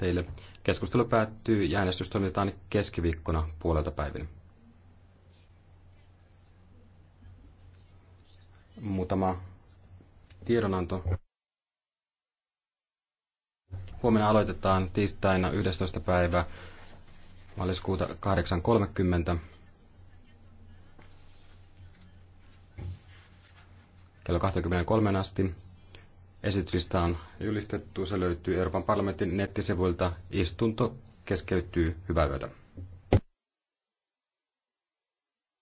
teille. Keskustelu päättyy ja äänestys toimitetaan keskiviikkona puolelta päivin. Muutama tiedonanto. Huomenna aloitetaan tiistaina 11. päivä maaliskuuta 8.30. kello 23 asti Esityslista on julistettu. Se löytyy Euroopan parlamentin nettisivuilta. Istunto keskeytyy. Hyvää yötä.